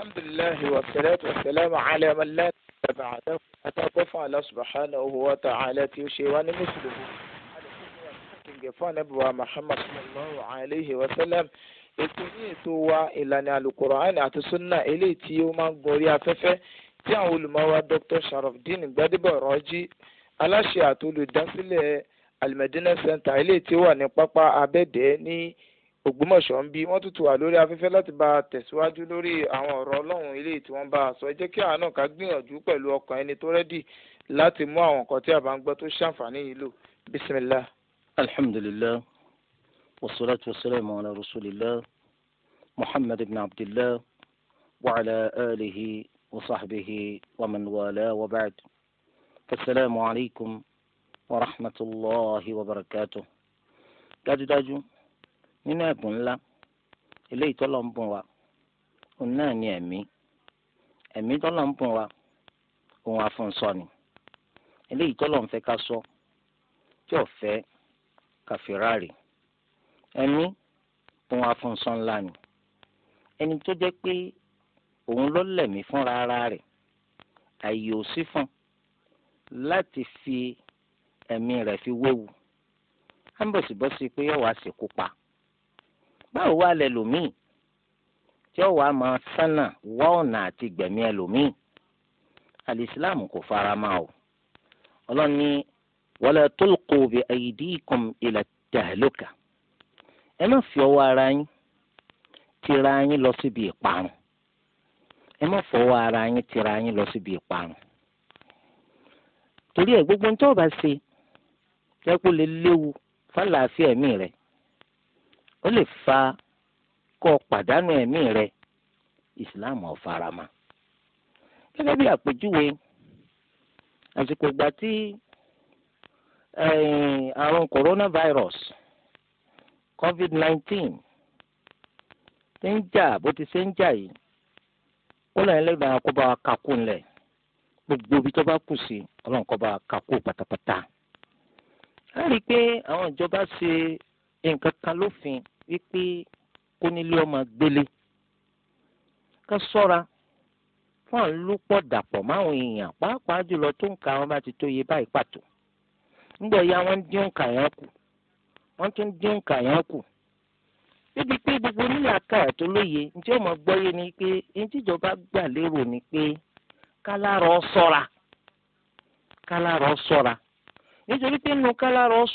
الحمد لله والصلاة والسلام على من لا تبعته أتاكو فعل سبحانه وتعالى تيوشي واني مسلم gẹ̀fọ́n محمد muhammad sallallahu alayhi wa sallam ètò ní ètò wa ìlànà alukur'an àti sunna eléyìí tí ó máa ń gorí afẹ́fẹ́ tí àwọn olùmọ̀wá dr sharafdin gbadebo rọ́jí aláṣẹ àti olùdásílẹ̀ almadina center eléyìí tí ó wà ní pápá abẹ́dẹ́ ní Ògbómọ̀ṣọ́ ń bí wọ́n tún tù wá lórí afẹ́fẹ́ láti bá a tẹ̀síwájú lórí àwọn ọ̀rọ̀ Ọlọ́run eléyìí tí wọ́n bá a sọ ẹ jẹ́ kí àánú ká gbìyànjú pẹ̀lú ọkàn ẹni tó rẹ́dì láti mú àwọn nǹkan tí a bá ń gbọ́ tó ṣàǹfààní yìí lò bisimilah. alhamdulilah wasalaatu wasalaamu ala rasulillah muhammad ibn abdillah wa ala alihi wa sahbihi wa man wala wa ba'd asalaamu alaykum wa rahmatulahi wa barakatuh. dájúdájú nínú ẹ̀bùn ńlá eléyìí tọ́lọ̀ ń bùn wa òun náà ni ẹ̀mí ẹ̀mí tọ́lọ̀ ń bùn wa òun àfúnsọ ni eléyìí tọ́lọ̀ ń fẹ́ ká sọ tí ò fẹ́ ká fìràrì ẹ̀mí òun àfúnsọ ńlá ni ẹni tó jẹ́ pé òun ló lẹ̀mí fúnra ara rẹ̀ àyè ò sí fún láti fi ẹ̀mí rẹ̀ fi wéwu á ń bọ̀sibọ́sí pé yóò wá sí kópa báwo wá lẹ lòmíì tí ó wàá máa sánà wá ọ̀nà àti gbẹ̀mí ẹlòmíì alìsíláàmù kò fara mọ́ o ọlọ́run ní wala tulqu bi aydikum ila tahluka ẹ má fi ara yín tira yín lọ síbi ìparun ara yín yín lọ síbi ìparun torí ẹ gbogbo ń tọ́ ó lè fa kó o pàdánù ẹ̀mí rẹ ìsìláàmù ò faramọ́ gẹ́gẹ́ bí àpèjúwe àsìkò ìgbà tí eh, àrùn coronavirus covid 19. ti ń jà bó ti ṣe ń jà yìí ó lẹ́yìn lẹ́yìn náà kó bá wa kakú ńlẹ̀ gbogbo ibi tó bá kù sí ọlọ́run kó bá wa kakú pátápátá. a rí i pé àwọn ìjọba ṣe nǹkan kan lófin wípé kónílé ọmọ gbélé ká sọ́ra fún àlùpọ̀ dàpọ̀ máwọn èèyàn pàápàá jùlọ tó ń ka wọn bá ti tó iye báyìí pàtó ya wọn ń dín yẹn kù wọn tún gbogbo nílẹ̀ akáyà tó lóye njẹ́ ọmọ gbọ́yé ni pé gbà lérò ni pé kálárọ̀ sọ́ra kálárọ̀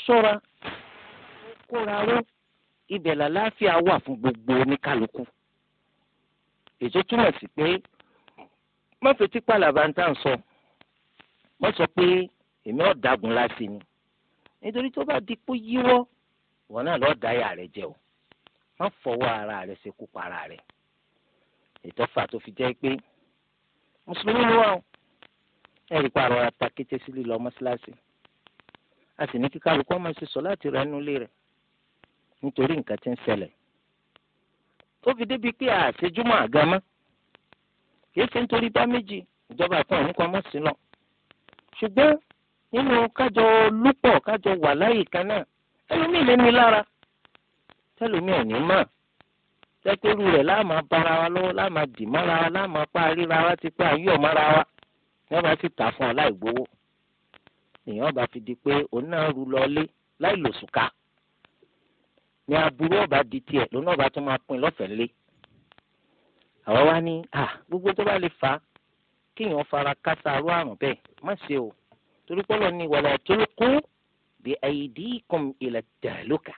sọ́ra ibẹ̀ làlàáfíà wà fún gbogbo oníkálukú èso túmọ̀ sí pé má fetí pàlàbà ń tà ń sọ wọ́n sọ pé èmi ọ̀dàgùn láti ni nítorí tó bá dipò yíwọ́ wọn náà lọ́ọ́ da ìyá rẹ̀ jẹ o má fọwọ́ ara rẹ̀ ṣekú para rẹ̀ ìtọ́fà tó fi jẹ́ pé mùsùlùmí ló wà o ẹ̀rí pa àrọ̀ ata kété sílé lọ mọ́ṣáláṣí a sì ní kí kálukú máa ṣe sọ láti rẹ̀ nulẹ̀ rẹ̀ nítorí nǹkan ti ń ṣẹlẹ̀ tó fi débi pé àṣejúmọ́ àgámá kìí ṣe nítorí bá méjì ìjọba kan òun kan mọ̀ sí lọ ṣùgbọ́n nínú kájọ lúpọ̀ kájọ wà láyè kan náà ẹlòmíì lè ní lára tẹlòmíì ò ní mọ̀ tẹ́kẹ́rù rẹ̀ láàmà bára wa lọ́wọ́ pa ríra wa ti pa ayé ọ̀mára wa ní tà ọ èèyàn bá fi di pé òun náà rú lọ lé ni aburú ọba di tiẹ̀ lónà ọba tó máa pín lọ́fẹ̀ẹ́ lé àwa wá ní gbogbo tó bá lè fà á kéèyàn fara kásá arú àrùn bẹ́ẹ̀ má ṣe o torí pọ́lọ́ ni wala tulqu bi aydikum ila tahluka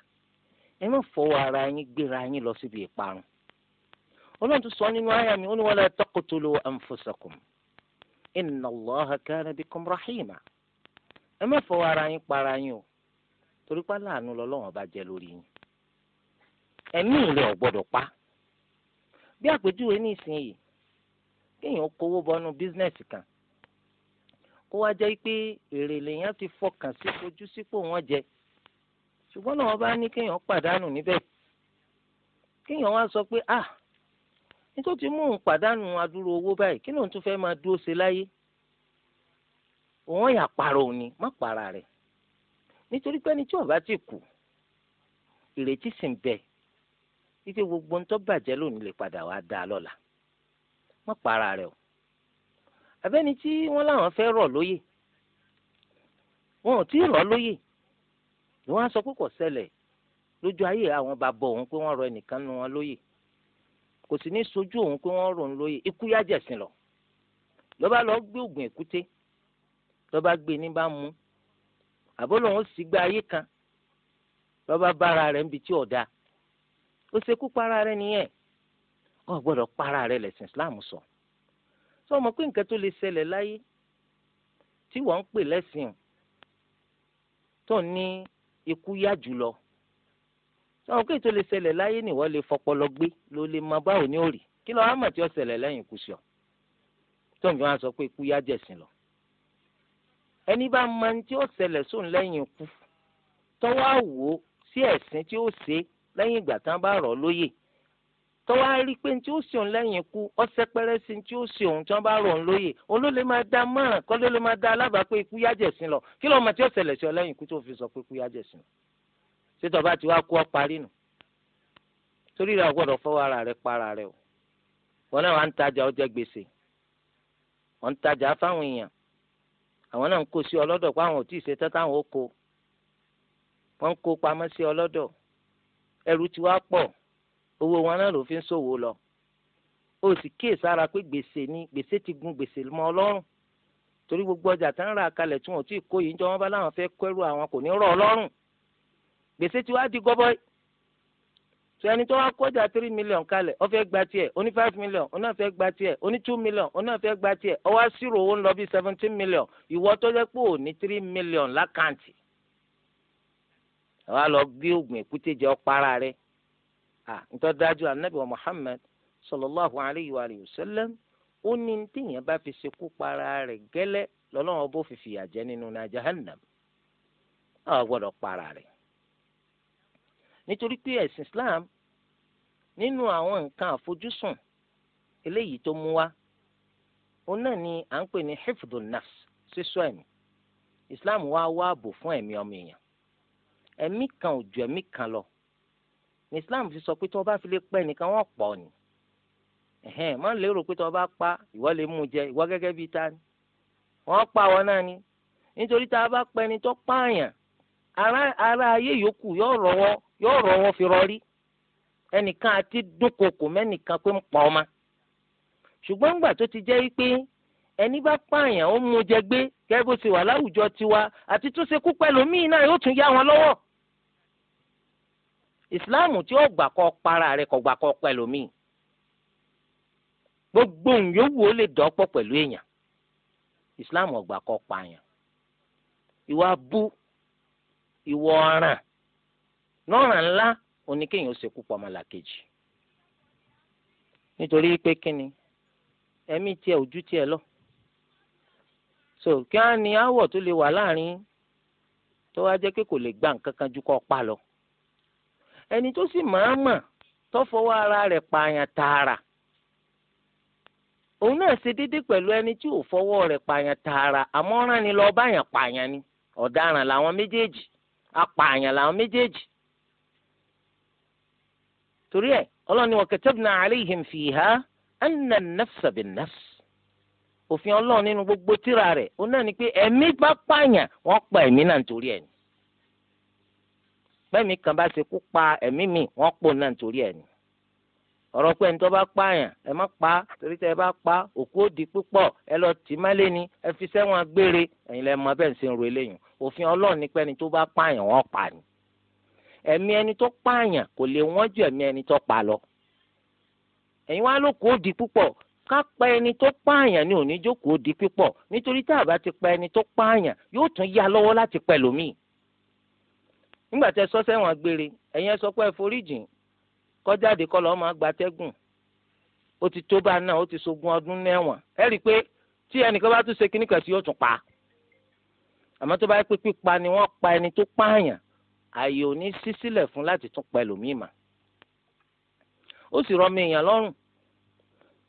ẹ má fọwọ́ ara yín gbéra yín lọ síbi ìparun ọlọ́run tó sọ nínú àyà mi ó ní wala taqtulu anfusakum inna Allaha kana bikum rahima ẹ má fọwọ́ ara yín para yín o torí pálá àánú lọ́lọ́run ọba jẹ lórí yín ẹ̀mí rẹ̀ ọgbọdọ pa bí àpèjúwe ní ìsinyìí kéèyàn kówó bọnú kan kó wá jẹ́ pé èrè lèèyàn ti fọkàn sí fojú sípò wọn jẹ ṣùgbọ́n náà wọ́n bá ní kéèyàn pàdánù níbẹ̀ kéèyàn wá sọ pé ah nítorí mú òun pàdánù adúrò owó báyìí kí lóun tún fẹ́ máa dúró ṣe láyé òun yà òní para rẹ̀ nítorí pé ẹni tí ó ti kú wípé gbogbo ń tọ́ bàjẹ́ lónìí lè padà wá dáa lọ́la má para rẹ o àbẹ́ni tí wọ́n láwọn fẹ́ rọ̀ lóyè wọn ò tí rọ̀ lóyè ni wọ́n á sọ pé kò ṣẹlẹ̀ lójú ayé àwọn bàbá òun pé wọ́n rọ ẹnìkan nu wọn lóyè kò sì ní sojú òun pé wọ́n rò ń lóyè ikú yá jẹ̀sìn lọ lọ́ba lọ gbé oògùn èkúté lọ́ba gbé ní bá mú àbólòun ó sì gba ayé kan lọ́ba bára rẹ̀ ń bi tí ọ̀dà ó ṣekú para rẹ nìyẹn ọ gbọ́dọ̀ para rẹ lẹ̀sìn islam sọ sọ ọmọ pé nǹkan tó lè ṣẹlẹ̀ láyé tí wọ́n ń pè lẹ́sìn tó ní ikú yá jùlọ sọ ọmọ pé tó lè ṣẹlẹ̀ láyé ni wọ́n lè fọpọlọ gbé ló lè mọ báwo ní òrì kí lọ́ọ́ àmọ̀ tí ó ṣẹlẹ̀ lẹ́yìn ikú sí ọ tó ń fi wọn sọ pé ikú yá jẹ̀sìn lọ ẹni bá mọ ní tí ó ṣẹlẹ̀ sóun lẹ́yìn ikú tọ́wọ́ àwò sí ẹ̀sìn tí ó ṣe é lẹ́yìn ìgbà tán bá rọ̀ lóyè tó wá rí i pé ní tí ó sùn lẹ́yìn ikú ọ̀sẹ̀ pẹ́rẹ́ sí ní tí ó sùn tí wọ́n bá rọ̀ ń lóyè òun ló lè máa da mọ́ràn kọ́ ló lè máa da alábàá pé ikú yájẹ̀ sí lọ kí lọ́mọ tí ó ṣẹlẹ̀ sí ọ lẹ́yìn ikú tó fi sọ pé ikú yájẹ̀ sí lọ ṣé tọ́ba ti wá kú ọ parí nù torí rẹ̀ ọ̀gbọ́dọ̀ fọwọ́ ara rẹ̀ para rẹ̀ o wọn náà wà ń tajà ọjọ́ gbèsè wọn ń tajà fáwọn èèyàn àwọn náà ń kó sí ọlọ́dọ̀ pé àwọn ò ẹrù ti wá pọ̀ owó wọn náà ló fi ń ṣòwò lọ o sì kíyè sára pé gbèsè ni gbèsè ti gun gbèsè mọ́ ọlọ́rùn torí gbogbo ọjà tá ń ra kalẹ̀ tí wọn ò kó yìí ń jọ wọn bá láwọn fẹ́ kẹ́rù àwọn kò ní rọ̀ ọlọ́rùn gbèsè ti wá di gọ́bọ́ì so ẹni tó wá kọjá three million kalẹ̀ ó fẹ́ gba tiẹ̀ ó ní five million ó náà fẹ́ gba tiẹ̀ ó ní two million ó náà fẹ́ gba tiẹ̀ ó wá sírò owó ń lọ seventeen million ìwọ tó lẹ́ pò ní three million lákàǹtì àwọn àlọ́ gbé oògùn èkúté jẹ́ ọ̀pára rẹ̀ nítorí dájú anabi wa Muhammad sallallahu alayhi wa sallam ó ní tíyẹn bá fi ṣekú para rẹ̀ gẹ́lẹ́ lọ́lọ́wọ́ bó fi fìyà nínú na jahannam àwọn gbọ́dọ̀ para rẹ̀ nítorí pé ẹ̀sìn Islam nínú àwọn nǹkan àfojúsùn eléyìí tó mú wá òun náà ni à ń pè ní hifdun sísọ ẹ̀mí Islam wá wá ààbò fún ẹ̀mí ọmọ èèyàn ẹ̀mí kan ò ju ẹ̀mí kan lọ Islam fi sọ pé tí wọ́n bá fi lè pẹ́ nìkan wọ́n pọ̀ ni ẹ̀hẹ́n má lérò pé tí wọ́n bá pa ìwọ lè mú jẹ ìwọ gẹ́gẹ́ bíi ta ni wọ́n pa wọn náà ni nítorí tá a bá pẹ́ ni tó pààyàn ara ayé yòókù yóò rọwọ́ yóò rọwọ́ fi rọrí ẹnìkan àti dúnkokò mẹ́nìkan pé ń pa ọma ṣùgbọ́n ńgbà tó ti jẹ́ pé ẹni bá pààyàn ó mú jẹ gbé gẹ́gẹ́ bó ti wà láwùjọ tiwa àti tó ṣe pẹ̀lú míì náà yóò tún yá wọn lọ́wọ́ ìsìláàmù tí ó gbà kọ́ para rẹ̀ kọ́ gbà kọ́ pẹ̀lú mi gbogbo òǹyòwò ó lè dọ́pọ̀ pẹ̀lú èèyàn ìsìláàmù ọ̀gbà kọ́ pààyàn ìwà bú ìwọ ọ̀ràn lọ́ràn ńlá oníkéèyàn ó ṣekú pa ọmọlàkejì nítorí pé kíni ẹ̀mí tiẹ̀ ojú tiẹ̀ lọ so kí á ní áwọ̀ tó lè wà láàrin tó wá jẹ́ pé kò lè gba nǹkan kan ju kọ́ pa lọ ẹni tó sì máa mọ̀ tọ́fọwọ́ ara rẹ̀ pààyàn tààrà òun náà ṣe déédéé pẹ̀lú ẹni tí ò fọwọ́ rẹ̀ pààyàn tààrà àmọ́ rán ni lọ́ọ́ báyàn pààyàn ni ọ̀daràn làwọn méjèèjì apààyàn làwọn méjèèjì torí ẹ̀ ọlọ́ni wa katabna fiha òfin ọlọ́run gbogbo tíra rẹ̀ òun náà ni pé ẹ̀mí bá pààyàn pa ẹ̀mí náà nítorí bẹ́ẹ̀mí kan bá ṣe kú pa ẹ̀mí mi wọ́n pò náà nítorí ẹ̀ ni ọ̀rọ̀ pé ẹni tó bá pààyàn ẹ má pa torí tẹ́ ẹ bá pa òkú òdì púpọ̀ ẹ lọ tì má lé ni ẹ fi sẹ́wọ̀n gbére ẹ̀yin lẹ́ mọ bẹ́ẹ̀ ń ṣe ń ro eléyìí òfin ọlọ́run ní pé ẹni tó bá pààyàn wọ́n pa ni ẹ̀mí ẹni tó pààyàn kò lè wọ́n ju ẹ̀mí ẹni tó pa lọ ẹ̀yin wá ló kó òdì púpọ̀ ká pa ẹni tó pààyàn ní òní jókòó òdì púpọ̀ nítorí tá a bá ti pa ẹni tó pààyàn yóò tún yá lọ́wọ́ láti pẹ̀lòmíì nígbà tẹ sọ sẹ́wọ̀n gbére ẹ̀yin ẹ sọ pé ẹ foríjìn kọjáde kọ́ lọ́ọ́ máa gbatẹ́gùn ó ti tó bá náà ó ti sogun ọdún nẹ́wọ̀n ẹ rí i pé tí ẹnìkan bá tún ṣe kíní kan sí yóò tún pa àmọ́ tó bá yẹ pé pípa ni wọ́n pa ẹni tó pààyàn ààyè ò ní ṣí sílẹ̀ fún láti tún pa ẹlòmíì mà ó sì rọmi èèyàn lọ́rùn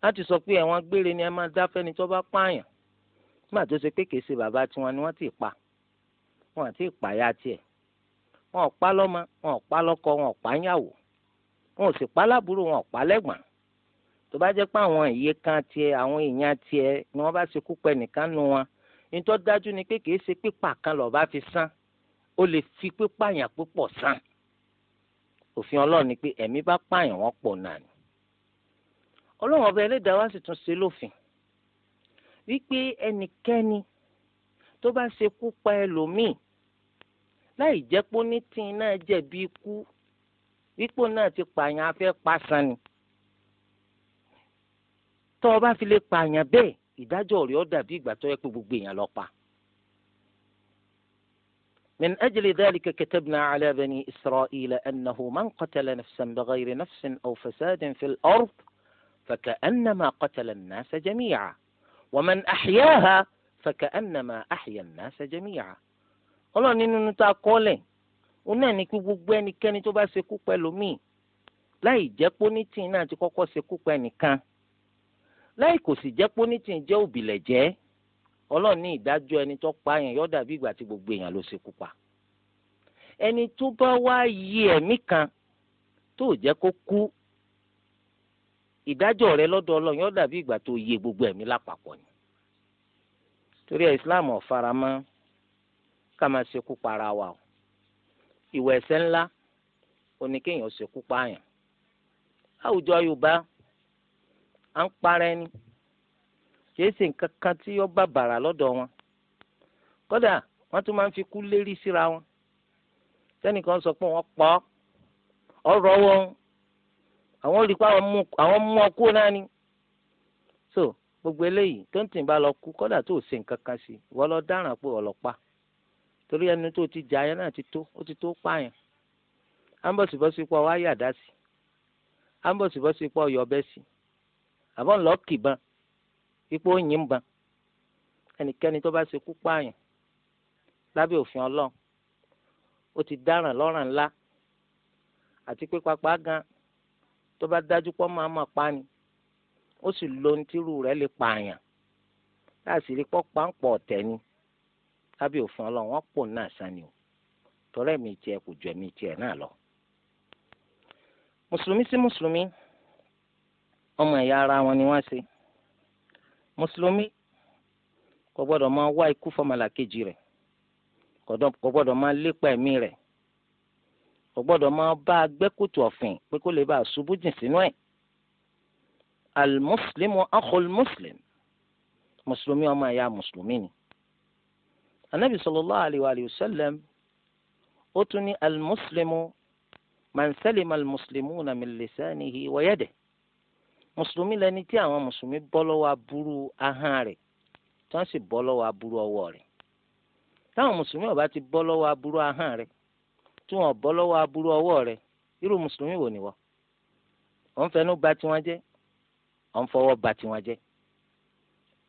láti sọ pé ẹ̀wọ̀n gbére ni ẹ máa dá fẹ́ni tó bá pààyàn nígbà tó ṣe pé kèé bàbá tiwọn ni wọ́n ti pa wọ́n àti ìpàyà tiẹ̀ wọn ò pa lọ́mọ wọn ò pa lọ́kọ wọn ò pa níyàwó wọn ò sì pa lábúrò wọn ò pa lẹ́gbọ̀n tó bá jẹ́ pé àwọn ìyè kan tiẹ̀ àwọn èèyàn tiẹ̀ ni wọ́n bá ṣe kú pẹ́ nìkan nu wọn nítorí dájú ni pé kìí ṣe pípa kan lọ́ọ́ bá fi san ó lè fi pípààyàn púpọ̀ san òfin ọlọ́run ni pé ẹ̀mí bá pààyàn wọ́n pọ̀ náà ni ọlọ́run ọba ẹlẹ́dàá wá sì tún ṣe lófin wípé ẹnikẹ́ni tó bá ṣe kú pa ẹlòmíì láì jẹ́ pé onítìín náà jẹ̀bi ikú wípò náà ti pààyàn afẹ́ pasan ni tọ́ ọ bá fi lè pààyàn bẹ́ẹ̀ ìdájọ́ ọ̀rẹ́ ó dàbí ìgbà tó yẹ pé gbogbo èèyàn lọ pa. من أجل ذلك كتبنا على بني إسرائيل أنه من قتل نفسا بغير نفس أو فساد في الأرض فكأنما قتل الناس جميعا ومن أحياها فكأنما أحيا الناس جميعا ọlọ́run nínú ta kọ́lẹ̀ ó náà ní kí gbogbo ẹnikẹ́ni tó bá ṣekú pa ẹlòmíì láì jẹ́ pónítì náà ti kọ́kọ́ ṣekú pa ẹnìkan láì kò sì jẹ́ pónítì jẹ́ òbílẹ̀ jẹ́ ọlọ́run ní ìdájọ́ ẹni tó pa yẹn yọ dàbí ìgbà tí gbogbo èèyàn ló ṣekú pa ẹni tó bá wá yí ẹ̀mí kan tó jẹ́ kó kú ìdájọ́ rẹ lọ́dọ̀ ọlọ́run yọ dàbí ìgbà tó yẹ gbogbo ẹ̀mí lápapọ̀ ni torí ẹ̀ Islam ò ká máa ṣekú para wa o ìwà ẹ̀ṣẹ̀ ńlá oníkéèyàn ṣekú pààyàn àwùjọ Yorùbá à ń para ẹni kìí ṣe nǹkan kan tí yọ bá bàrà lọ́dọ̀ wọn kódà wọ́n tún máa ń fi kú lérí síra wọn tẹ́nìkan sọ pé wọ́n pọ̀ ọ̀rọ̀ wọn àwọn olùkọ́ àwọn mú ọkú náà ni so gbogbo eléyìí tó ń tì bá lọ kú kódà tó ṣe nǹkan kan sí wọ́n lọ dáràn pé ọlọ́pàá torí ẹni tó ti jà yẹn náà ti tó ó ti tó pààyàn ambọ̀sibọ́sí pọ̀ wá yàdá sí ambọ̀sibọ́sí pọ̀ yọ̀bẹ sí àbọ̀ ńlọ kìbọn ipò yìnbọn ẹnikẹ́ni tó bá ṣekú pààyàn lábẹ́ òfin ọlọ́run ó ti dáràn lọ́ràn ńlá àti pé pápá gan tó bá dájú pọ́ máa máa pa ni ó sì lo ohun tírú rẹ̀ lè pààyàn láàṣírí pọ́ páńpọ̀ ọ̀tẹ̀ ni lábẹ́ òfin ọlọ́run wọ́n pò náà sani o tọ́lẹ̀ mi tiẹ̀ kò jọ ẹ̀mí tiẹ̀ náà lọ. mùsùlùmí sí mùsùlùmí ọmọ ẹ̀yà ara wọn ni wọ́n ṣe mùsùlùmí kò gbọ́dọ̀ máa wá ikú fọmọlà kejì rẹ̀ kò gbọ́dọ̀ máa lépa ẹ̀mí rẹ̀ kò gbọ́dọ̀ máa bá a gbẹ́ kòtò ọ̀fìn pé kó lè bá a ṣubú jìn sínú ẹ̀ al-muslimu akhul muslim mùsùlùmí ọmọ ẹ̀yà mùsùlùmí ni anabi sallallahu alayhi wa sallam ó tún ní almuslimu man salima almuslimuna min lisanihi wa yadihi mùsùlùmí lẹni tí àwọn mùsùlùmí bọ́ lọ́wọ́ aburú ahọ́n rẹ̀ tí wọ́n sì bọ́ lọ́wọ́ aburú ọwọ́ rẹ̀ táwọn mùsùlùmí ò bá ti bọ́ lọ́wọ́ aburú ahọ́n rẹ̀ tí wọ́n bọ́ lọ́wọ́ aburú ọwọ́ rẹ̀ irú mùsùlùmí wò ni wọ́n ò ń fẹnu bà tiwọn jẹ́ ò ń fọwọ́ bà tiwọn jẹ́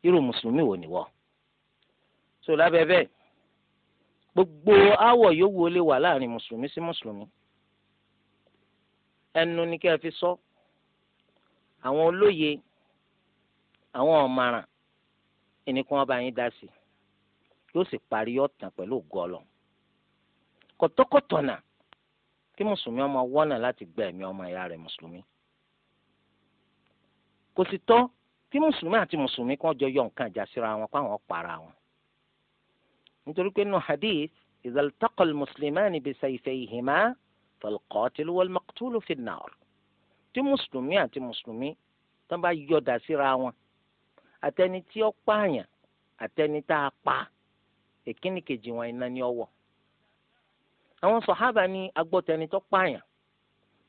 irú mùsùlùmí wò ni wọ́n so lábẹ́ bẹ́ẹ̀ gbogbo awọ yòówù ó lè wà láàrin mùsùlùmí sí mùsùlùmí ẹnu ni kí ẹ fi sọ àwọn olóye àwọn ọ̀maràn ẹnìkan ọba yín dá sí yóò sì parí ọ̀tàn pẹ̀lú gọlọ kọ̀tọ́kọ̀tọ̀nà kí mùsùlùmí ọmọ wọ́nà láti gba ẹ̀mí ọmọ ìyá rẹ̀ mùsùlùmí kò sì tọ́ kí mùsùlùmí àti mùsùlùmí kan jọ yọ nǹkan ìjà síra wọn kó àwọn para wọn nítorí pé nínú hadith izaltaqal muslimani bisayfayhima falqatilu walmaqtulu finnar tí mùsùlùmí àti mùsùlùmí tó bá yọ̀dà síra wọn àtẹni tí ó pààyàn àtẹni tá a pa èkíní kejì wọn iná ní ọwọ́ àwọn sọ̀hábà ní agbọ́tẹni tó pààyàn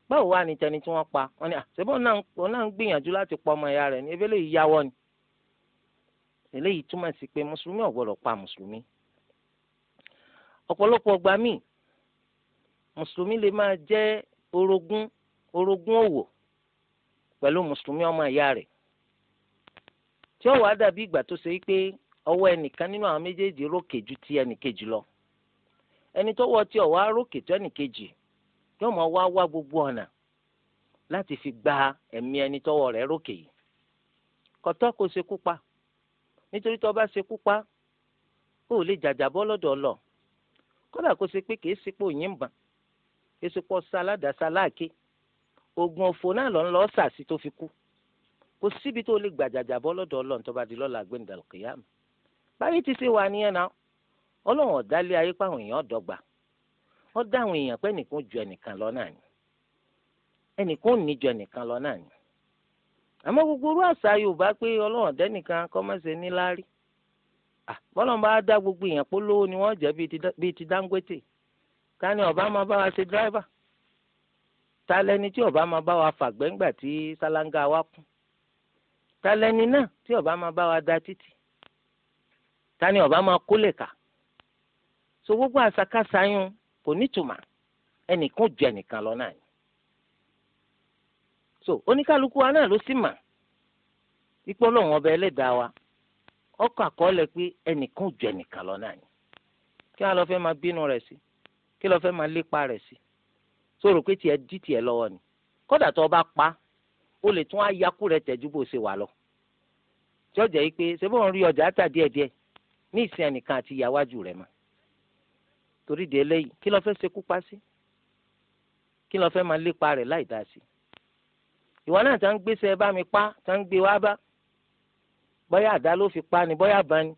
báwo wá ní tẹni tí wọ́n pa wọ́n ní àṣebọ́n náà ń gbìyànjú láti pa ọmọ ìyá rẹ̀ ní ebélé ìyáwọ́ ni eléyìí túmọ̀ sí pé mùsùlùmí ò pa mùsùlùmí ọ̀pọ̀lọpọ̀ ọgbà míì mùsùlùmí lè máa jẹ́ orogún orogún òwò pẹ̀lú mùsùlùmí ọmọ ìyá rẹ̀ tí ó wàá dàbí ìgbà tó ṣe pé ọwọ́ ẹnìkan nínú àwọn méjèèjì rókè ju ti ẹnìkejì lọ ẹni tó wọ tí ọwọ́ arókè tó ẹnìkejì yóò máa wá wá gbogbo ọ̀nà láti fi gba ẹ̀mí ẹni tọ́wọ́ rẹ̀ rókè yìí kọ̀tọ́ kò ṣekú pa nítorí tó bá ṣekú pa ó lè jàjàbọ́ lọ́dọ̀ ọlọ́ọ̀ kódà kó ṣe pé kìí sípò yìnbọn kìí sípò sáládàsá láàké oògùn òfò náà lọ ń lọ sàṣì tó fi kú kò síbi tó lè gbàjàjà bọ́ lọ́dọ̀ ọlọ́run tó bá di lọ́la gbẹ̀ndàlùkìyàmù báyìí ti ṣe wà nìyẹn náà ọlọ́run ọ̀dálé ayé pàwọn èèyàn dọ́gba wọ́n dá àwọn èèyàn pé ẹnìkan ju ẹnìkan lọ náà ni ẹnìkan ò ní ju ẹnìkan lọ náà ni àmọ́ gbogbo orú àṣà yorùbá pé ọlọ́run ọ̀dẹ́nìkan kọ́ mọ́sẹ̀ níláárí Ah, bọ́lọ̀ bá dá gbogbo èèyàn polówó ni wọ́n jẹ́ bíi ti Dangote ta ni ọba máa bá wa ṣe dírẹ́fà ta lẹni tí ọba máa bá wa fàgbẹ́ ńgbà tí sálángà wa kún ta lẹni náà tí ọba máa bá wa da títì ta ni ọba máa kólè ká so gbogbo àṣàkáṣà yún kò nítumọ̀ ẹnìkan ju ẹnìkan lọ náà ni so oníkálukú wa náà ló sì mà ipò ọlọ́run ọba ẹlẹ́dàá wa ọkọ̀ àkọọ́lẹ̀ pé ẹnìkan jù ẹnìkan lọ náà ni kí wọ́n lọ fẹ́ máa bínú rẹ̀ sí kí lọ fẹ́ máa lépa rẹ̀ sí sórò pé tiẹ̀ dí tiẹ̀ lọ́wọ́ ni kódà tó o bá pa o lè tún ayakú rẹ̀ tẹ̀jú bó ṣe wà lọ tí ọjà yìí pé ṣé bóun rí ọjà tà díẹ̀díẹ̀ ní ìsìn ẹnìkan àti ìyàwájú rẹ̀ mọ́ torí di eléyìí kí lọ fẹ́ ṣekú pa sí kí lọ fẹ́ máa lépa rẹ̀ láì dá sí ìwọ náà tá ń gbé bá mi pa tá ń gbé wá bá bóyá àdá ló fi pa ni bóyá ban ni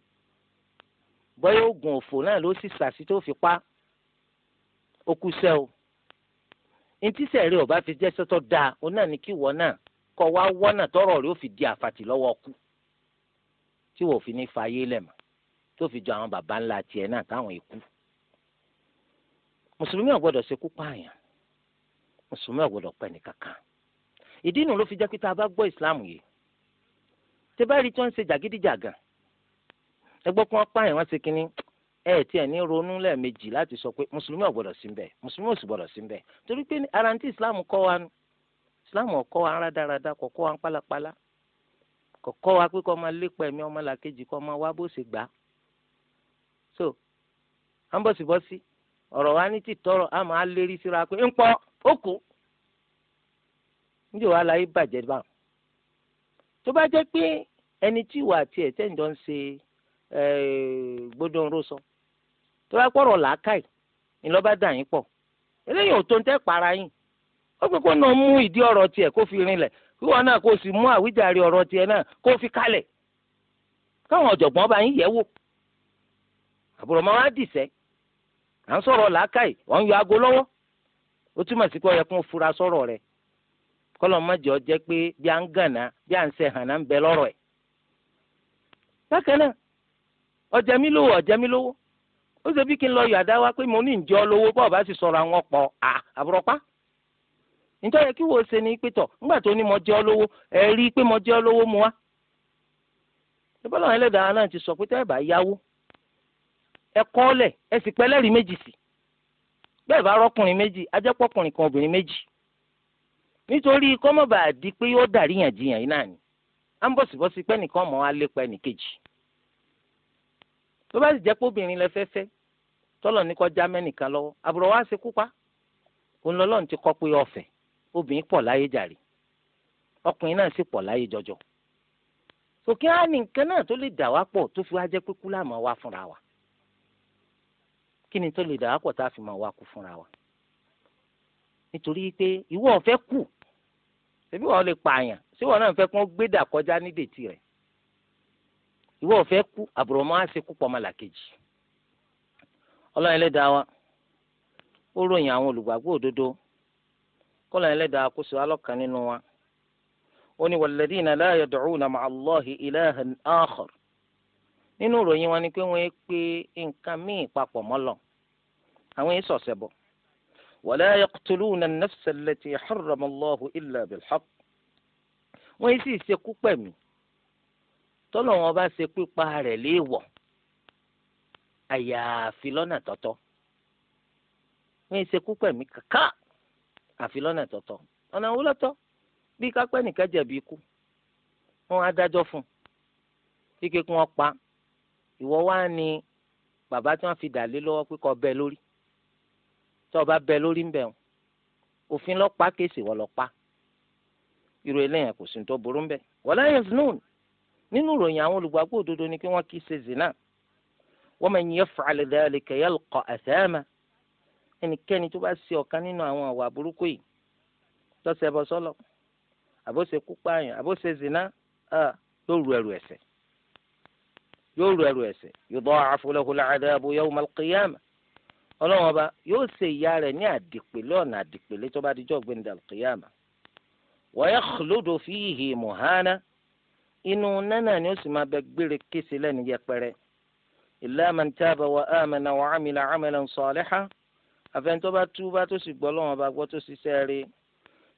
bóyá oògùn òfò náà ló sì sàṣì tó fi pa ó kú sẹ́ o ntísẹ̀ rẹ ọba fi jẹ́ sọ́tọ́ dáa ó náà ní kí ìwọ náà kọ́ wá wọ́nà tọrọ rẹ ó fi di àfàtì lọ́wọ́ kú tí wọ́n fi ní fàyè lẹ̀mọ́ tó fi jọ àwọn baba ńlá tiẹ̀ náà táwọn ikú mùsùlùmí ò gbọ́dọ̀ pààyàn mùsùlùmí ò gbọ́dọ̀ pẹ́ ìdí inú ló fi jẹ́ pé tá a bá gbọ́ ìsìláàmù yìí ṣé bá rí tí wọ́n ń ṣe jàgídíjàgàn ẹgbọ́n kí wọ́n pààyàn wọ́n ṣe kínní ẹ tí ẹ ní ronú lẹ́ẹ̀mejì láti sọ pé mùsùlùmí ò gbọ́dọ̀ sí bẹ́ẹ̀ mùsùlùmí ò sì gbọ́dọ̀ sí bẹ́ẹ̀ torí pé ara ní tí islam kọ́ wa nu islam ọ̀kọ́ wa rádaràda kò kọ́ wa ń pálapàla kò kọ́ wa pé kọ́ máa lépa ẹ̀mí ọmọlàkejì kọ́ máa wá bó ṣe gbà á so à ń bọ̀ sí bọ́ sí ọ̀rọ̀ wa ní ti tọrọ a máa lérí síra pé ń pọ̀ ó kù ń jò wá láyé bàjẹ́ báwọn tó bá jẹ́ pé ẹni tí ìwà àti ẹ̀tẹ́ ìjọ ń ṣe eh, gbódòǹró sọ tó bá pọ̀rọ̀ làákàì ńlọ́ba dà yín pọ̀ eléyìí ò tó ń tẹ́ para yín ó pé kó nà mú ìdí ọ̀rọ̀ tiẹ̀ kó fi rinlẹ̀ wíwọ náà kó sì mú àwíjàre ọ̀rọ̀ tiẹ̀ náà kó fi kalẹ̀ káwọn ọ̀jọ̀gbọ́n bá yín wò àbúrò máa wá dìsẹ́ à ń sọ̀rọ̀ làákàì wọ́n ń fura sọ̀rọ̀ rẹ̀ kọ́lọ̀ mọ́jọ́ jẹ́ pé bí a ń gànà bí a ń sẹ̀ hànà ń bẹ lọ́rọ̀ ẹ̀. bákan náà ọjà mi lówó ọjà mi lówó ó ṣe bí kí n lọ yọ àdáwà pé mo ní ìjọ lówó bọ́ọ̀ bá sì sọ̀rọ̀ àwọn ọ̀pọ̀ yẹ kí wo ṣe ni pé tọ̀ nígbà tó ní mo jẹ́ ẹ rí i pé mo wá. náà ti sọ pé ẹ bá yáwó nítorí kọ́mọ̀bà di pé yóò dàríyànjiyàn yìí náà ni à ń bọ̀sibọ́sí pé nìkan mọ̀ á lépa ẹnìkejì tó bá sì jẹ́ pé obìnrin lẹ fẹ́fẹ́ tọ́lọ̀ ní kọ́ já mẹ́nìkan lọ́wọ́ àbúrò wa ṣe kúpa òun lọ́lọ́run ti kọ́ pé ọ̀fẹ́ obìnrin pọ̀ láyé jàre ọkùnrin náà sì pọ̀ láyé jọjọ sòkè á ní nǹkan náà tó lè dà wá pọ̀ tó fi wá jẹ́ pé kú láàmú wá fúnra wa kí ni tó lè dà wá pọ̀ tá a fi máa wá kú fúnra wa nítorí pé ìwọ ọ̀fẹ́ kù ṣebí wọn lè pààyàn ṣé wọn náà fẹ́ kó gbé dà kọjá ní dètí rẹ̀ ìwọ fẹ́ kú àbúrò máa ń sekú pọ̀ ọmọlàkejì ọlọ́run ẹlẹ́dàá wa ó ròyìn àwọn olùgbàgbọ́ òdodo kọ́lọ́run ẹlẹ́dàá kó sọ alọ́kan nínú wa ó ní walladhina la yad'una ma'a Allahi ilahan akhar nínú ìròyìn wọn ni pé wọ́n pe nǹkan míì papọ̀ mọ́lọ̀ àwọn èso ọ̀sẹ̀ bọ̀ ولا يقتلون النفس التي حرم الله إلا بالحق wọ́n sì ṣekú pẹ̀mí tọ́lọ́wọ́n bá ṣekú pa rẹ̀ léèwọ̀ àyàfi lọ́nà tọ́tọ́ wọ́n ṣekú pẹ̀mí kàkà àfi lọ́nà tọ́tọ́ ọ̀nà wo lọ́tọ́ bí kápẹ́ nìkan jẹ̀bi ikú wọ́n á dájọ́ fún kíkẹ́ kí wọ́n pa ìwọ wá ní bàbá tí wọ́n fi dà lé lọ́wọ́ pé kọ́ bẹ́ẹ̀ lórí tó o bá bẹ lórí ń bẹ̀ wọn òfin lọ́pàá kéèsì wọ́n lọ́pàá irú eléyàn kò sí tó burú ń bẹ̀ wọ́n láyé zinun nínú ìròyìn àwọn olùgbàgbọ́ òdodo ni kí wọ́n kí ṣe zina wa man yaf'al dhalika yalqa athama ẹnikẹ́ni tó bá ṣe ọ̀kan nínú àwọn àwà burúkú yìí tó ṣẹbọ sọ́lọ̀ àbóṣe kúpa àyàn àbóṣe zina yóò ru ẹrù ẹ̀ṣẹ̀ yóò ru ẹrù ẹ̀ṣẹ̀ yudha'afu lahu al'adhabu yawm ọlọ́run ọba yóò ṣe ìyá rẹ̀ ní àdìpẹ̀lẹ́ ọ̀nà àdìpẹ̀lẹ́ tó bá di jọ́ gbẹ̀ndà kìyàmà wa yakhludu fihi muhana inú nánà ni ó sì máa bẹ gbére kése lẹ́nu yẹpẹrẹ illa man taba wa amana wa amila amalan saliha tó sì gbọ́ lọ́wọ́n bá gbọ́ tó ṣiṣẹ́ rí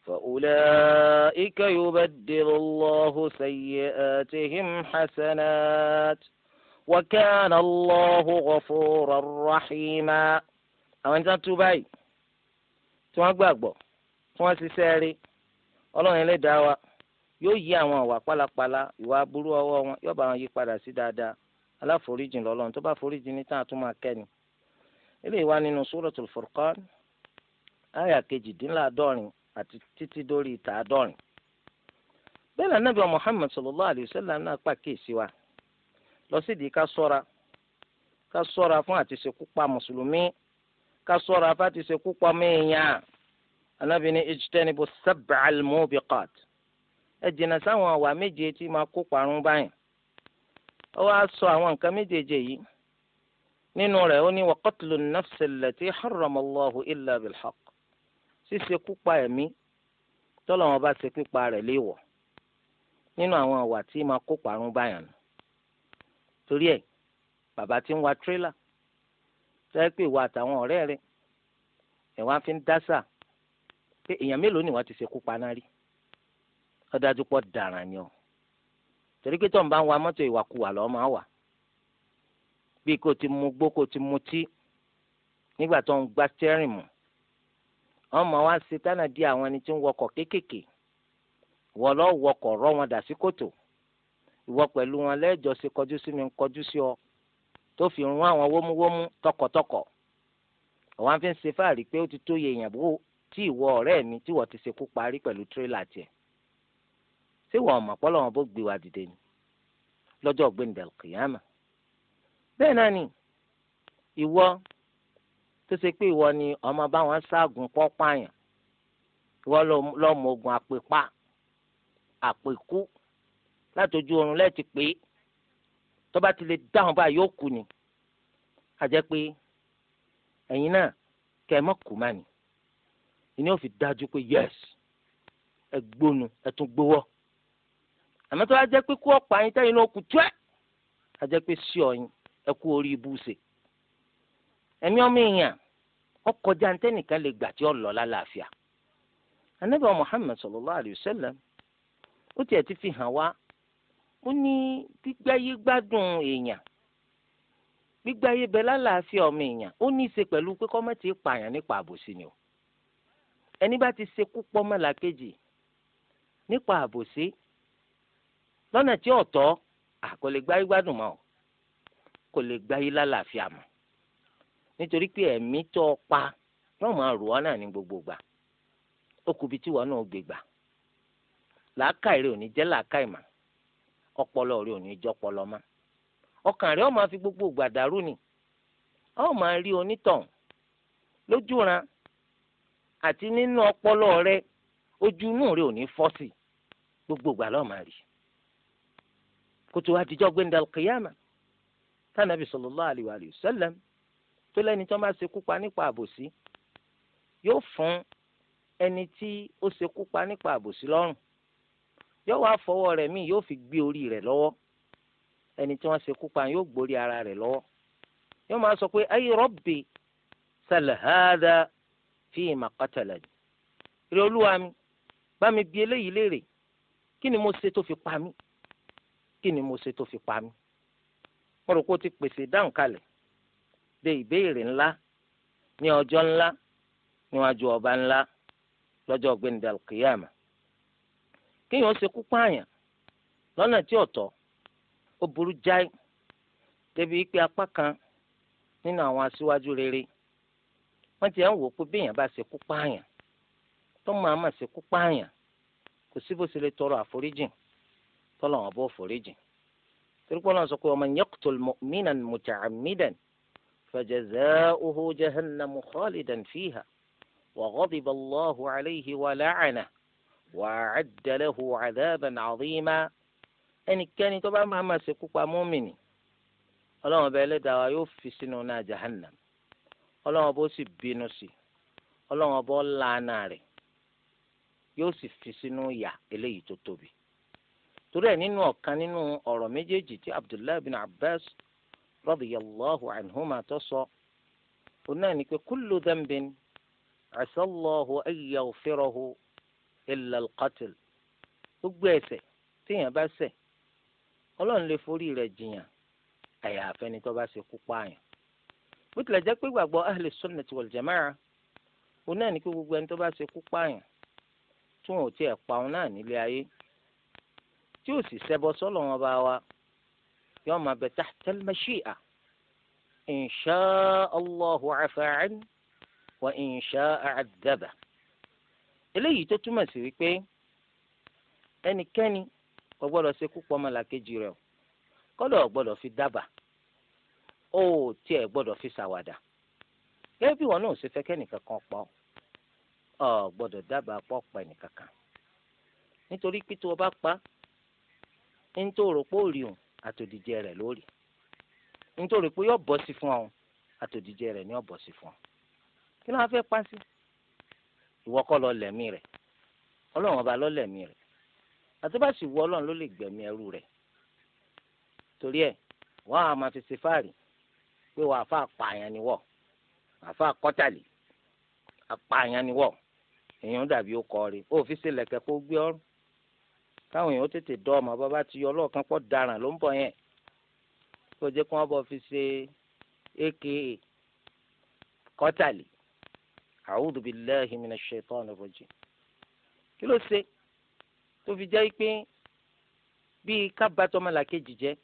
fa ulaika yubaddilu Allahu sayyi'atihim hasanat. وكان الله غفورا رحيما àwọn ìjà tú báyìí tí wọ́n gbàgbọ́ tí wọ́n ṣiṣẹ́ rí ọlọ́run ẹlẹ́dàá wa yóò yí àwọn àwà pálapàla ìwà aburú ọwọ́ wọn yóò bá wọn yí padà sí dáadáa aláforíjìn lọ́lọ́run tó bá foríjìn ní tán àtúmọ̀ akẹ́ni eléyìí wá nínú Suratul Furqan àyà kejìdínláàdọ́rin àti títí dórí ìtàádọ́rin bẹ́ẹ̀ lànà bí Muhammad sallallahu alayhi wa sallam pàkíyèsí wa lọ sídìí ká sọ́ra ká sọ́ra fún àti ṣekú pa mùsùlùmí ká sọ́ra fún àti ṣekú pa mẹ́ẹ̀yàn Ànábì ní ijtanibu sab'al mubiqat ẹ jìnnà sáwọn àwà méje tí máa kó parun báyìí ó wáá sọ àwọn nǹkan méjèèjì yìí nínú rẹ̀ ó ní wa qatlun nafsi allati illa bilhaq ṣíṣekú pa ẹ̀mí tọ́lọ́wọ́n bá ṣe pípa rẹ̀ léèwọ̀ nínú àwọn àwà tí máa kó parun báyìí torí ẹ̀ bàbá tí ń wa tírélà sẹ́yìn pé ìwà àtàwọn ọ̀rẹ́ rẹ̀ ẹ̀ wá fi ń dásà pé èèyàn mélòó ni wọ́n ti ṣekú paná rí ó dájú dàrán ni o torí pé tó ń bá ń wa mọ́tò ìwàkuwà lọ́ọ́ máa wà bí kò ti mu gbó kò ti mu tí nígbà tó ń gba stẹ́rìn mù ọmọ wa ṣe tánà di àwọn ẹni tí ń wọkọ̀ kéékèèké wọ́n lọ́ọ́ wọkọ̀ rọ́ wọn dà sí kòtò. Si ìwọ pẹ̀lú wọn lẹ́jọ́ sí kọjú sí mi ń kọjú sí ọ tó fi rún àwọn wómúwómú tọkọtọkọ àwọn afi ń ṣe fáàrí pé ó ti tó yẹ èèyàn bó tí ìwọ ọ̀rẹ́ mi tí wọ́n ti ṣekú parí pẹ̀lú tírélà tiẹ̀ ṣé wọn ọmọ pọ́lọ́ wọn bó gbé wa dìde ni lọ́jọ́ gbẹ̀ndẹ̀l kìyàmà bẹ́ẹ̀ náà ni ìwọ tó ṣe pé ìwọ ni ọmọ bá wọn ṣaagùn pọ́ ìwọ lọ ogun àpèpá àpèkú látọjú oorun lẹ́ẹ̀tì pé tó bá ti lè dáhùn bá yóò kú ni àjẹ́ pé ẹ̀yin náà kẹ́ ẹ mọ́ kú má ni ìní ò fi dájú pé yẹ́s ẹ gbónu ẹ tún gbówọ́ àmọ́ tó bá jẹ́ pé kú ọ̀pá yín tẹ́yìn náà kú tíwẹ́ àjẹ́ pé sí ọ̀yin ẹ kú orí ibú ṣe ẹ̀mí ọmọ èèyàn ọkọjá ntẹ́nìkan lè gbà tí ó lọ lálàáfíà anábìá Muhammad sallallahu alayhi wa sallam ó tiẹ̀ ti fi hàn wá ó ní gbígbáyé gbádùn èèyàn gbígbáyé bẹ lálàáfíà ọmọ èèyàn ó ní í ṣe pẹ̀lú pé kọ́mẹ́tì pààyàn nípa àbòsí ni o ẹni bá ti ṣekú pọ̀ mọ́làkejì nípa àbòsí lọ́nà tí ọ̀tọ̀ kò lè gbáyé gbádùn mọ́ kò lè gbáyé lálàáfíà mọ́ nítorí pé ẹ̀mí tó o pa lọ́mọ àrùn wọn ní gbogbo gbà ó kù tí wọn náà gbé gbà làákàyè ò ní jẹ́ làákàyè mọ́ ọpọlọ rẹ ò ní jọ pọlọ mọ́ ọkàn rẹ ó máa fi gbogbo gbàdàrú ni ó máa rí onítàn lójúran àti nínú ọpọlọ rẹ ojú inú rẹ ò ní fọ́ sí gbogbo ìgbà ló máa rí kótó àtijọ́ gbẹ̀ndà kìyàmà tànàbí sallallahu alaihi wa sallam tó lẹ́ni tó máa ṣekú pa nípa àbòsí yóò fún ẹni tí ó ṣekú pa nípa àbòsí lọ́rùn yóò wá fọwọ́ rẹ̀ míì yóò fi gbé orí rẹ̀ lọ́wọ́ ẹni tí wọ́n ṣe kú pa yóò gbórí ara rẹ̀ lọ́wọ́ yóò máa sọ pé ayé rọ́bì sàlẹ̀hádà fi ìmà kọ́tẹ̀lẹ̀ rí olúwa mi bá mi bi eléyìí léèrè kí ni mo ṣe tó fi pa mí kí ni mo ṣe tó fi pa mí mo rò pé ó ti pèsè dáhùn de ìbéèrè ńlá ní ọjọ́ ńlá níwájú ọba ńlá lọ́jọ́ ọ̀gbẹ́ni dàlùkìyàmà kéèyàn ṣekú pààyàn lọ́nà tí ọ̀tọ̀ ó burú jáì débi pé apá kan nínú àwọn aṣíwájú rere wọ́n ti ẹ̀ ń wò pé béèyàn bá ṣekú pààyàn tó máa ma ṣekú pààyàn kò sí bó ṣe lè tọrọ àforíjìn tọ́lọ̀ wọn bọ́ àforíjìn torípọ́ náà sọ pé waman yaqtul mu'minan muta'ammidan fajaza'uhu jahannamu khalidan fiha wa ghadiba Allahu alayhi wa la'anahu. وأعد له عذابا عظيما ẹnikẹ́ni tó bá máa ma ṣekú pa mọ́mìnì ọlọ́run ọba ẹlẹ́dàá wa yóò fi sínú náà jahannam ọlọ́run ọba ó sì bínú sí ọlọ́run ọba ó lànà rẹ̀ yóò sì fi sínú yà eléyìí tó tóbi torí ẹ̀ nínú ọ̀kan nínú ọ̀rọ̀ méjèèjì tí abdullahi bin abbas radiyallahu anhuma tó sọ òun náà ni pé kullu dhanbin asallahu an yaghfirahu illa al-qatl gbogbo ẹ̀ṣẹ̀ téèyàn bá ṣẹ̀ Ọlọ́run lè forí rẹ̀ jiyàn àyàfi ẹni tó bá ṣe kú pààyàn bó tilẹ̀ jẹ́ pé gbàgbọ́ ahli sunnati wal jama'a òun náà ní pé gbogbo ẹni tó bá ṣe kú pààyàn tí wọn ò tiẹ̀ pa òun náà nílé ayé tí ò sì ṣẹbọ sọ́lọ̀ wọn bá wa yóò máa bẹ tahtal mashi'a in sha'a Allahu afa an wa eléyìí tó túmọ̀ sí wípé ẹnikẹ́ni kò gbọ́dọ̀ ṣekú pa ọmọlàkejì rẹ̀ o kọ́dọ̀ gbọ́dọ̀ fi dábàá ó tiẹ̀ gbọ́dọ̀ fi ṣàwàdà gẹ́gẹ́ bí wọn náà ṣe fẹ́ kẹ́nìkan kan pọ̀ ọ gbọ́dọ̀ dábàá pọ̀ pa ẹnìkan kan nítorí pé tó o bá pa ń pé ó rí òun àtòdìjẹ rẹ̀ lórí ń pé yóò bọ́ sí fún ọ àtòdìjẹ rẹ̀ ni yóò bọ́ sí fún ọ kí ló wá fẹ́ pa sí i ìwọ kọ́ lọ lẹ̀mí rẹ̀ ọlọ́run ọba lọ lẹ̀mí rẹ̀ àti bá sì wọ ọlọ́run ló lè gbẹ̀mí ẹrú rẹ̀ torí ẹ̀ wọ́n á máa fi ṣe fáàrí pé wọ́n àfa àpààyàn ni wọ́ àfa àkọ́tàlì àpààyàn ni wọ́ èèyàn dàbí ó kọ́ rí ó fi ṣe lẹ̀kẹ́ kó gbé ọrùn káwọn èèyàn tètè dọ́ ọmọ bàbá ti yọ ọlọ́ọ̀kan pọ̀ daràn ló ń bọ̀ yẹn kó jẹ́ kí wọ́n bọ̀ fi ṣe aka kọ́tàlì a'udhu billahi minash shaitani rajim kí ló ṣe tó fi jẹ́ pé bíi ká bà tọmọlàkejì jẹ́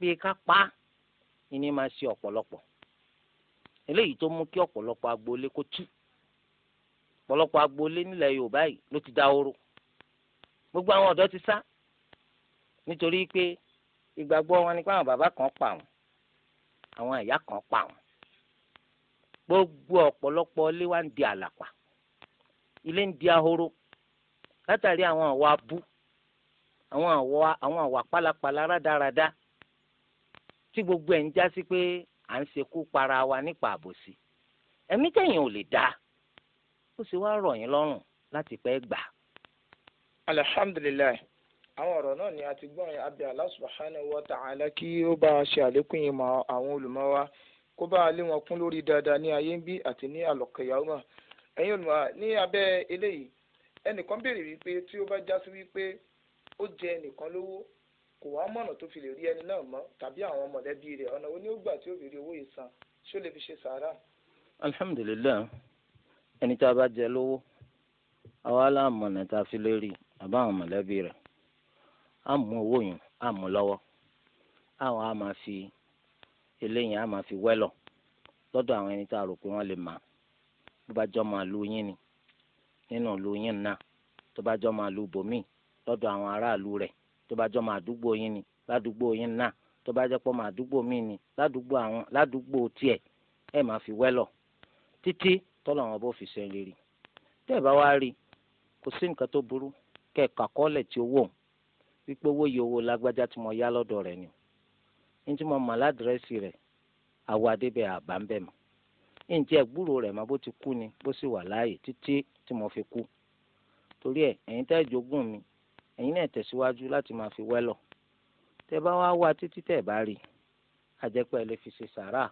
bíi ká pa á ìní máa ṣe ọ̀pọ̀lọpọ̀ eléyìí tó mú kí ọ̀pọ̀lọpọ̀ agboolé kó tú ọ̀pọ̀lọpọ̀ agboolé nílẹ̀ Yorùbá yìí ló ti dahoro gbogbo àwọn ọ̀dọ́ ti sá nítorí pé ìgbàgbọ́ wọn ni pé àwọn bàbá kan pa wọn àwọn ìyá kan pa wọn gbogbo ọ̀pọ̀lọpọ̀ ilé wa ń di àlàpà ilé ń di ahoro látàrí àwọn àwa abú àwọn àwa àwọn àwa pálapàla rádaràda tí gbogbo ẹ̀ ń já sí pé à ń ṣekú para wa nípa àbòsí ẹ̀mí tẹ̀yìn ò lè dá ó sì wá rọ̀ yín lọ́rùn láti pẹ́ gbà. alhamdulilayi àwọn ọ̀rọ̀ náà ni a ti gbọ́ yẹn abẹ́ Allah subhanahu ó bá a ṣe àlékún yìí mọ́ àwọn olùmọ́ kó bá a lé wọn kún lórí dáadáa ní ayé ń bí àti ní àlọ́kẹ̀yàwó ẹ̀yin olùwà ní abẹ́ eléyìí ẹnìkan béèrè wípé tí ó bá já wípé ó jẹ ẹnìkan lówó kò wá mọ̀nà tó fi lè rí ẹni náà mọ́ tàbí àwọn mọ̀lẹ́bí rẹ̀ ọ̀nà wo ni ó gbà tí ó fi rí owó yìí san ṣó lè fi ṣe sàárà. alhamdulilayi ẹni tá a bá jẹ lówó àwa aláàmọ̀nà tá a fi lè rí àbá àwọn mọ̀lẹ́bí rẹ̀ á owó yẹn á lọ́wọ́ àwọn á máa fi eléyìí á máa fi wẹ́lọ̀ lọ́dọ̀ àwọn ẹni tá a rò pé wọ́n lè mà tó bá jọ máa lu yín ni nínú lu yín náà tó bá jọ máa lu bòmíì lọ́dọ̀ àwọn aráàlú rẹ̀ tó bá jọ máa dúgbò yín ni ládùúgbò yín náà tó bá jẹ́ pọ́ máa dúgbò míì ni ládùúgbò tiẹ̀ ẹ̀ máa fi wẹ́lọ̀ títí tọ́lọ̀ wọn bó fi ṣe rere tẹ́ ẹ bá wá rí kò sí nǹkan tó burú kẹ́ ẹ̀ tí owó wípé owó yìí owó lágbájá tí mo yá lọ́dọ̀ rẹ̀ ni ntí mo mọ̀ ládìrẹ́sì rẹ̀ àwọn adébẹ̀ àbá ń bẹ̀ mọ́ ntí ẹ̀gbúrò rẹ̀ mọ́ bó ti kú ni bó sì wà láàyè títí tí mo fi kú torí ẹ̀ ẹ̀yin tẹ́ jogún mi ẹ̀yin náà tẹ̀síwájú láti máa fi wẹ́lọ̀ tẹ́ bá wá wá títí tẹ́ bá rí àjẹpẹ́ lè fi ṣe sàrà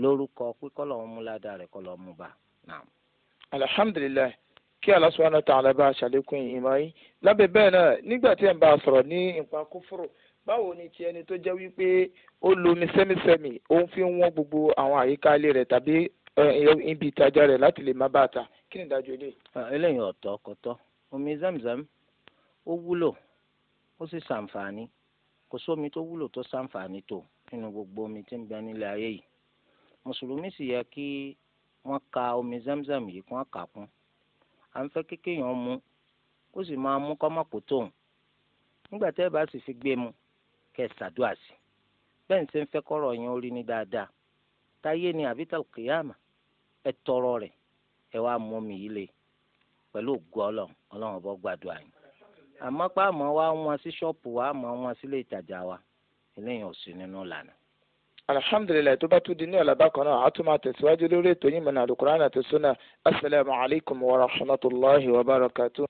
lórúkọ pé kọ́lọ́ ọmúládàá rẹ̀ kọ́lọ́ ọmú bá. alhamdulilayi kí Allah subhanahu wa ta'ala bá ṣàlékún ìmọ̀ yín lábẹ́ bẹ́ẹ̀ náà nígbà tí ẹ̀ ń bá a sọ̀rọ̀ ní nǹkan kúfúrò báwo ni ti ẹni tó jẹ́ wípé ó lomi sẹ́mísẹ́mì ó ń fi wọ́n gbogbo àwọn àyíká ilé rẹ̀ tàbí ibi ìtajà rẹ̀ láti lè má bàtà kí ni ìdájọ́ ilé. eléyìí ọ̀tọ̀ kọ̀tọ̀ omi zamzam ó wúlò ó sì ṣàǹfààní kò sómi tó wúlò tó ṣàǹfààní tó nínú gbogbo omi tí ń bẹ nílé ayé yìí mùsùlùmí sì yẹ kí wọ́n ka omi zamzam yìí kí wọ́n à ń fẹ́ kékéèyàn mu kó sì máa mú kọ́ mọ̀pọ̀ tóun nígbà tẹ́ ẹ bá sì fi gbé mu kẹ́ ẹ ṣàdúrà sí bẹ́ẹ̀ ní ṣe ń fẹ́ kọ́rọ̀ yẹn ó rí ní dáadáa táyé ni àbítà kìyàmà ẹ tọrọ rẹ̀ ẹ wá mú mi yìí le pẹ̀lú ògùn ọlọ́run ọlọ́run ọba gbàdúrà yín àmọ́ pàmò wa wọn sí ṣọ́ọ̀pù wa àmọ́ wọn sílé ìtajà wa eléyìí ò sí nínú ìlànà. الحمد لله تبات الدنيا على بقنا عتمة سواد لوري تنيمنا القرآن السنة السلام عليكم ورحمة الله وبركاته